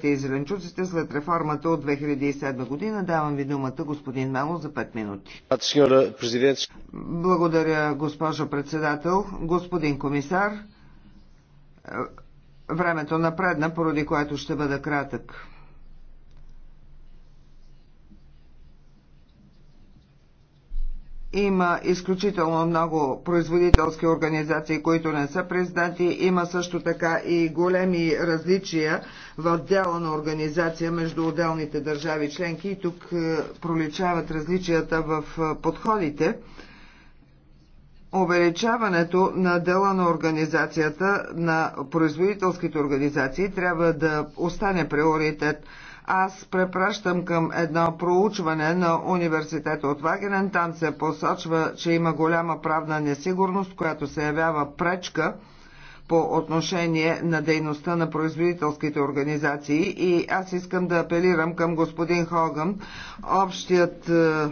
плодовете и зеленчуците след реформата от 2007 година. Давам ви думата, господин Мало, за 5 минути. Благодаря, госпожо председател, господин комисар. Времето напредна, поради което ще бъда кратък. Има изключително много производителски организации, които не са признати. Има също така и големи различия в дела на организация между отделните държави членки и тук е, проличават различията в е, подходите. Увеличаването на дела на организацията на производителските организации трябва да остане приоритет. Аз препращам към едно проучване на университета от Вагенен. Там се посочва, че има голяма правна несигурност, която се явява пречка по отношение на дейността на производителските организации и аз искам да апелирам към господин Хоган, общият е,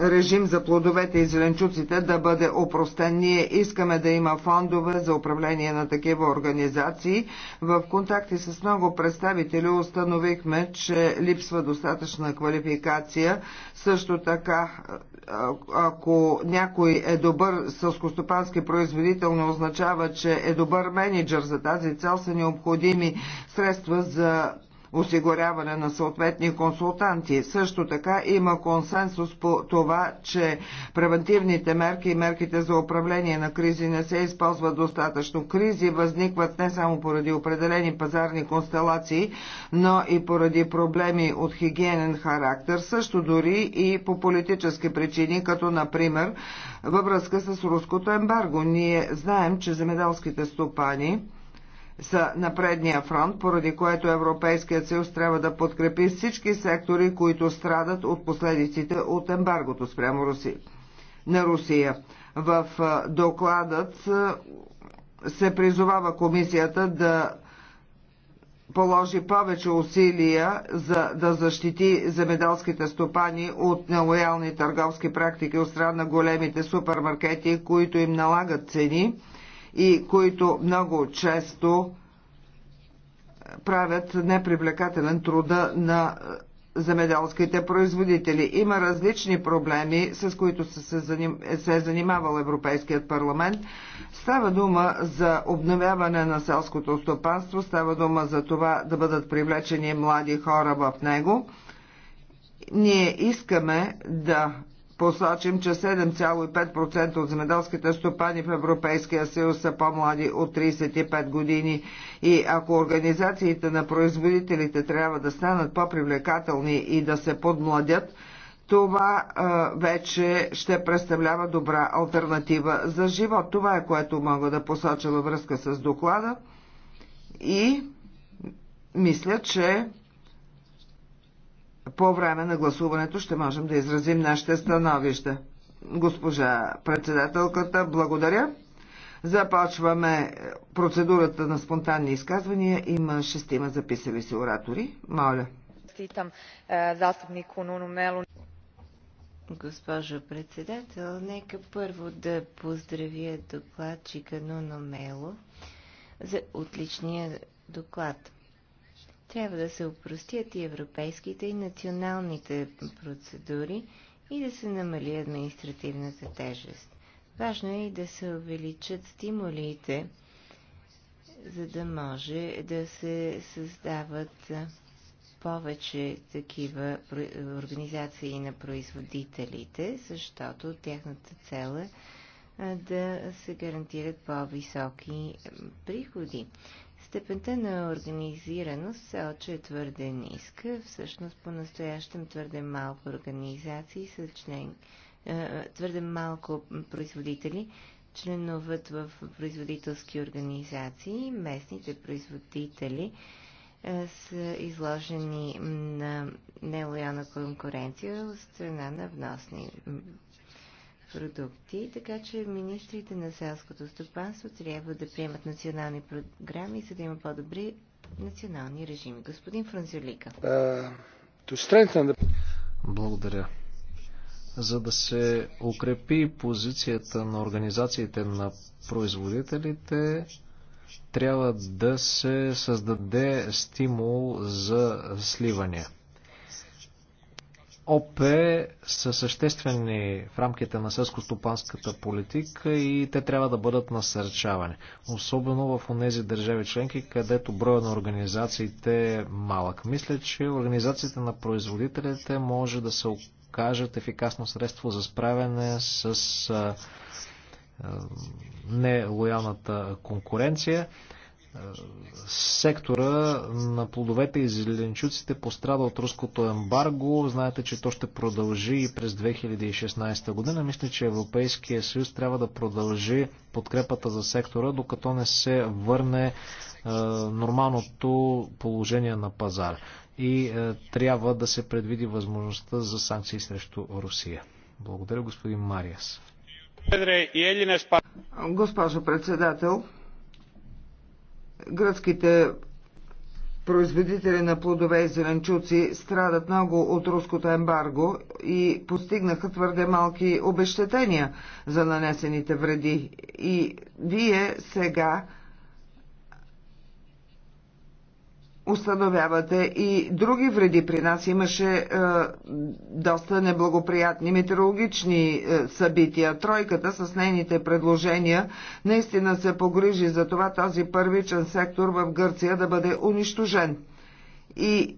режим за плодовете и зеленчуците да бъде опростен. Ние искаме да има фондове за управление на такива организации. В контакти с много представители установихме, че липсва достатъчна квалификация. Също така, ако някой е добър сълскостопански производител, не означава, че е добър менеджер. За тази цел са необходими средства за осигуряване на съответни консултанти. Също така има консенсус по това, че превентивните мерки и мерките за управление на кризи не се използват достатъчно. Кризи възникват не само поради определени пазарни констелации, но и поради проблеми от хигиенен характер, също дори и по политически причини, като например във връзка с руското ембарго. Ние знаем, че земеделските стопани са на предния фронт, поради което Европейският съюз трябва да подкрепи всички сектори, които страдат от последиците от ембаргото спрямо Руси... на Русия. В докладът се призовава комисията да положи повече усилия за да защити земеделските стопани от нелоялни търговски практики от страна на големите супермаркети, които им налагат цени, и които много често правят непривлекателен труда на е, земеделските производители. Има различни проблеми, с които се, е занимавал Европейският парламент. Става дума за обновяване на селското стопанство, става дума за това да бъдат привлечени млади хора в него. Ние искаме да посочим, че 7,5% от земеделските стопани в Европейския съюз са по-млади от 35 години и ако организациите на производителите трябва да станат по-привлекателни и да се подмладят, това а, вече ще представлява добра альтернатива за живот. Това е което мога да посоча във връзка с доклада и мисля, че по време на гласуването ще можем да изразим нашите становища. Госпожа председателката, благодаря. Започваме процедурата на спонтанни изказвания. Има шестима записали се оратори. Моля. Е, Госпожо председател, нека първо да поздравя докладчика Нуно Мело за отличния доклад. Трябва да се опростят и европейските и националните процедури и да се намали административната тежест. Важно е и да се увеличат стимулите, за да може да се създават повече такива организации на производителите, защото тяхната цел е да се гарантират по-високи приходи. Степента на организираност все още е твърде ниска. Всъщност по-настоящем твърде малко организации са член, е, е, твърде малко производители членуват в производителски организации. Местните производители е, са изложени на нелоялна конкуренция от страна на вносни продукти, така че министрите на селското стопанство трябва да приемат национални програми, за да има по-добри национални режими. Господин Франзюлика. Е, Благодаря. За да се укрепи позицията на организациите на производителите, трябва да се създаде стимул за сливания. ОП са съществени в рамките на селско-стопанската политика и те трябва да бъдат насърчавани. Особено в тези държави членки, където броя на организациите е малък. Мисля, че организацията на производителите може да се окажат ефикасно средство за справяне с нелоялната конкуренция сектора на плодовете и зеленчуците пострада от руското ембарго. Знаете, че то ще продължи и през 2016 година. Мисля, че Европейския съюз трябва да продължи подкрепата за сектора, докато не се върне е, нормалното положение на пазар. И е, трябва да се предвиди възможността за санкции срещу Русия. Благодаря, господин Мариас. Госпожо председател, гръцките производители на плодове и зеленчуци страдат много от руското ембарго и постигнаха твърде малки обещетения за нанесените вреди. И вие сега установявате и други вреди при нас. Имаше е, доста неблагоприятни метеорологични е, събития. Тройката с нейните предложения наистина се погрижи за това този първичен сектор в Гърция да бъде унищожен. И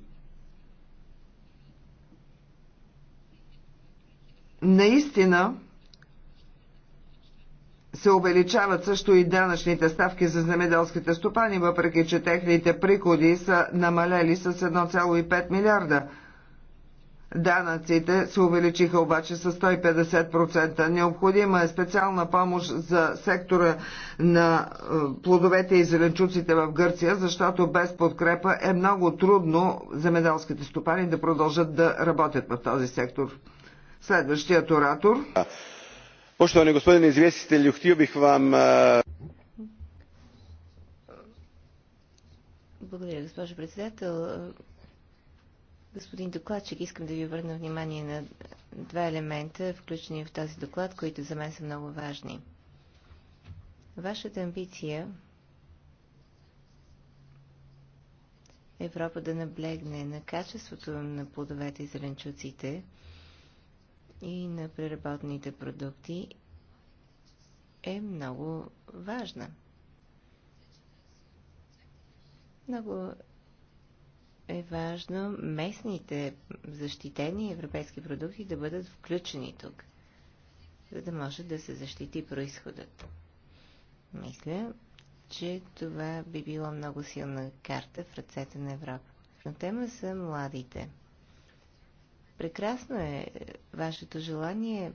наистина се увеличават също и данъчните ставки за земеделските стопани, въпреки че техните приходи са намалели с 1,5 милиарда. Данъците се увеличиха обаче с 150%. Необходима е специална помощ за сектора на е, плодовете и зеленчуците в Гърция, защото без подкрепа е много трудно земеделските стопани да продължат да работят в този сектор. Следващият оратор poštovani gospodine izvjestitelju htio bih vam e, Благодаря, госпожо председател. Господин докладчик, искам да ви обърна внимание на два елемента, включени в този доклад, които за мен са много важни. Вашата амбиция Европа да наблегне на качеството на плодовете и зеленчуците – и на преработните продукти е много важна. Много е важно местните защитени европейски продукти да бъдат включени тук, за да може да се защити происходът. Мисля, че това би било много силна карта в ръцете на Европа. На тема са младите – Прекрасно е вашето желание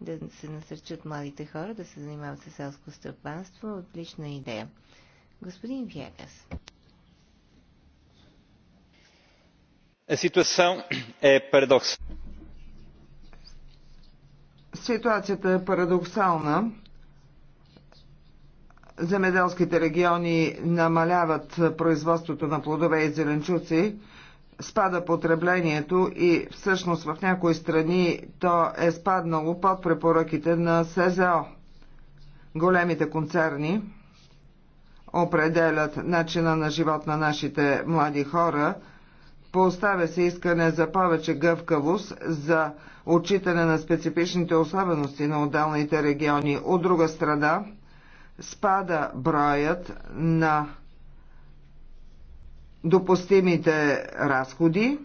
да се насърчат младите хора да се занимават с селско стъпанство. Отлична идея. Господин Виегас. Е Ситуацията е парадоксална. Земеделските региони намаляват производството на плодове и зеленчуци, спада потреблението и всъщност в някои страни то е спаднало под препоръките на СЗО. Големите концерни определят начина на живот на нашите млади хора. Поставя се искане за повече гъвкавост, за отчитане на специфичните особености на отделните региони. От друга страна, спада броят на допустимите разходи,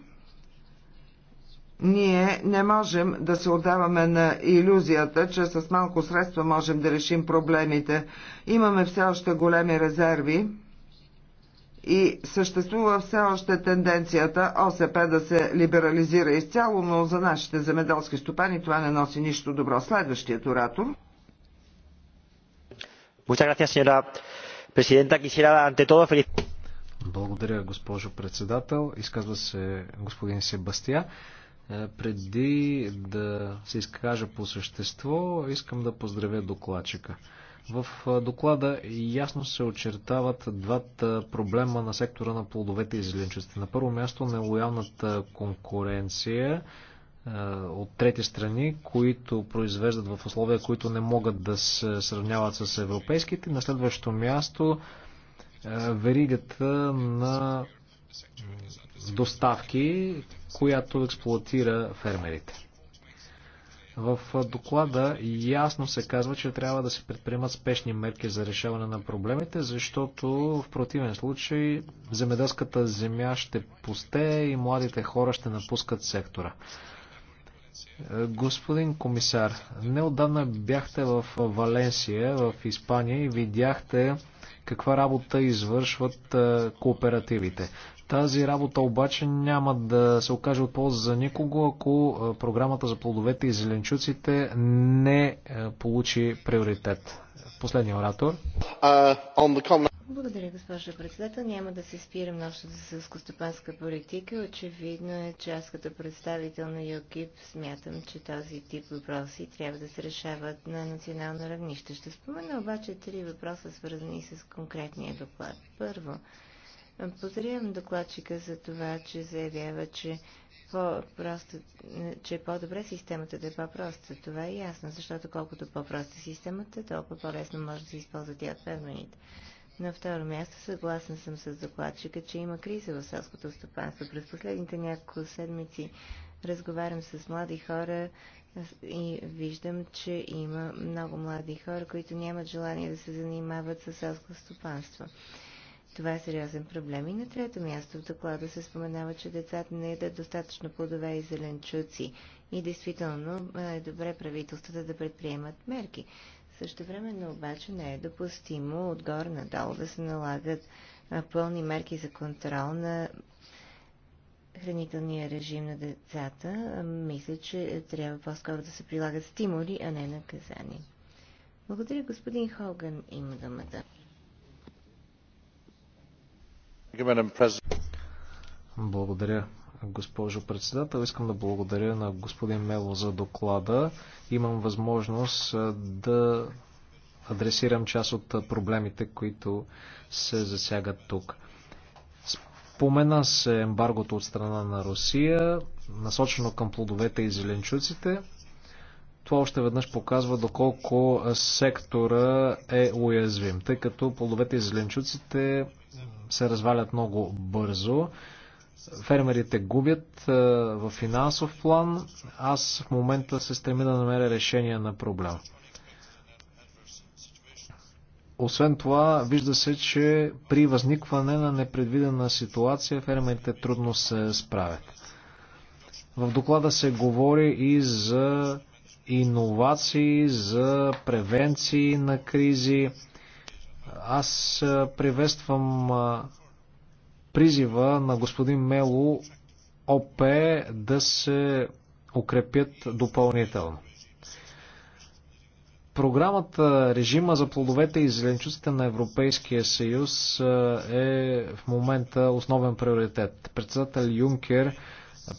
ние не можем да се отдаваме на иллюзията, че с малко средства можем да решим проблемите. Имаме все още големи резерви и съществува все още тенденцията ОСП да се либерализира изцяло, но за нашите земеделски стопани това не носи нищо добро. Следващият оратор. Muchas gracias, señora presidenta. Quisiera, ante todo, felicitar благодаря, госпожо председател. Изказва се господин Себастия. Е, преди да се изкажа по същество, искам да поздравя докладчика. В е, доклада ясно се очертават двата проблема на сектора на плодовете и зеленчуците. На първо място нелоялната конкуренция е, от трети страни, които произвеждат в условия, които не могат да се сравняват с европейските. На следващо място е, веригата на доставки, която експлуатира фермерите. В доклада ясно се казва, че трябва да се предприемат спешни мерки за решаване на проблемите, защото в противен случай земеделската земя ще пусте и младите хора ще напускат сектора. Е, господин комисар, неодавна бяхте в Валенсия, в Испания и видяхте каква работа извършват е, кооперативите. Тази работа обаче няма да се окаже от полза за никого, ако е, програмата за плодовете и зеленчуците не е, получи приоритет. Последния оратор. Uh, благодаря, госпожа председател. Няма да се спирам на общата селскостопанска политика. Очевидно е, че аз като представител на ЮКИП смятам, че този тип въпроси трябва да се решават на национално равнище. Ще спомена обаче три въпроса, свързани с конкретния доклад. Първо, поздравявам докладчика за това, че заявява, че по-просто, че е по-добре системата да е по-проста. Това е ясно, защото колкото по-проста системата, толкова по-лесно може да се използва тя от фермените. На второ място, съгласна съм с докладчика, че има криза в селското стопанство. През последните няколко седмици разговарям с млади хора и виждам, че има много млади хора, които нямат желание да се занимават с селско стопанство. Това е сериозен проблем. И на трето място в доклада се споменава, че децата не едат достатъчно плодове и зеленчуци. И действително е добре правителствата да предприемат мерки. Също но обаче не е допустимо отгоре надолу да се налагат пълни мерки за контрол на хранителния режим на децата. Мисля, че трябва по-скоро да се прилагат стимули, а не наказания. Благодаря, господин Хоган. Има думата. Благодаря, госпожо председател. Искам да благодаря на господин Мело за доклада. Имам възможност да адресирам част от проблемите, които се засягат тук. Спомена се ембаргото от страна на Русия, насочено към плодовете и зеленчуците. Това още веднъж показва доколко сектора е уязвим, тъй като плодовете и зеленчуците се развалят много бързо. Фермерите губят в финансов план. Аз в момента се стремя да намеря решение на проблема. Освен това, вижда се, че при възникване на непредвидена ситуация фермерите трудно се справят. В доклада се говори и за иновации, за превенции на кризи. Аз приветствам призива на господин Мело ОП да се укрепят допълнително. Програмата режима за плодовете и зеленчуците на Европейския съюз е в момента основен приоритет. Председател Юнкер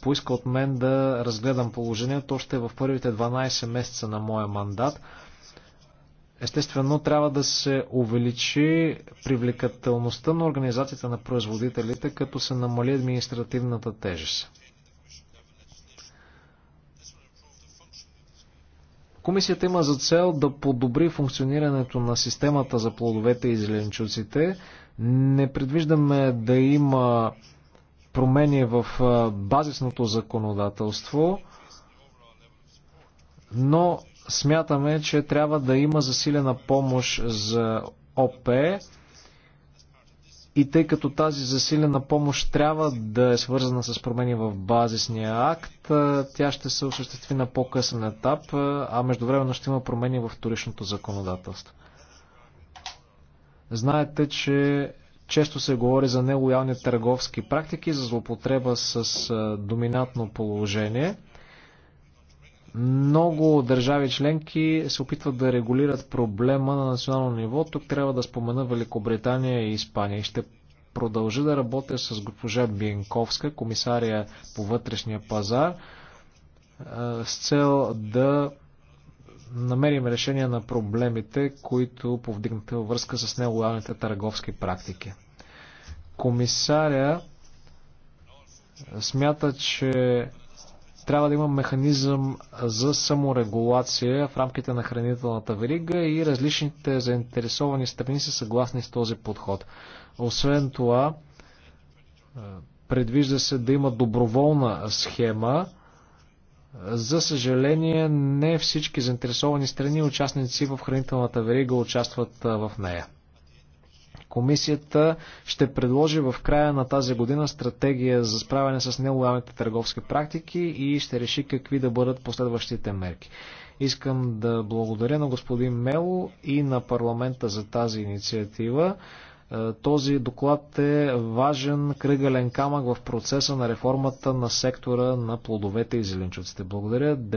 поиска от мен да разгледам положението още в първите 12 месеца на моя мандат – Естествено, трябва да се увеличи привлекателността на организацията на производителите, като се намали административната тежест. Комисията има за цел да подобри функционирането на системата за плодовете и зеленчуците. Не предвиждаме да има промени в базисното законодателство, но смятаме, че трябва да има засилена помощ за ОП. И тъй като тази засилена помощ трябва да е свързана с промени в базисния акт, тя ще се осъществи на по-късен етап, а междувременно ще има промени в вторичното законодателство. Знаете, че често се говори за нелоялни търговски практики, за злопотреба с доминантно положение – много държави членки се опитват да регулират проблема на национално ниво. Тук трябва да спомена Великобритания и Испания. ще продължа да работя с госпожа Бенковска, комисария по вътрешния пазар, с цел да намерим решение на проблемите, които повдигнате във връзка с нелоялните търговски практики. Комисаря смята, че трябва да има механизъм за саморегулация в рамките на хранителната верига и различните заинтересовани страни са съгласни с този подход. Освен това, е, предвижда се да има доброволна схема. За съжаление, не всички заинтересовани страни и участници в хранителната верига участват е, в нея. Комисията ще предложи в края на тази година стратегия за справяне с нелоялните търговски практики и ще реши какви да бъдат последващите мерки. Искам да благодаря на господин Мело и на парламента за тази инициатива. Е, този доклад е важен кръгален камък в процеса на реформата на сектора на плодовете и зеленчуците. Благодаря.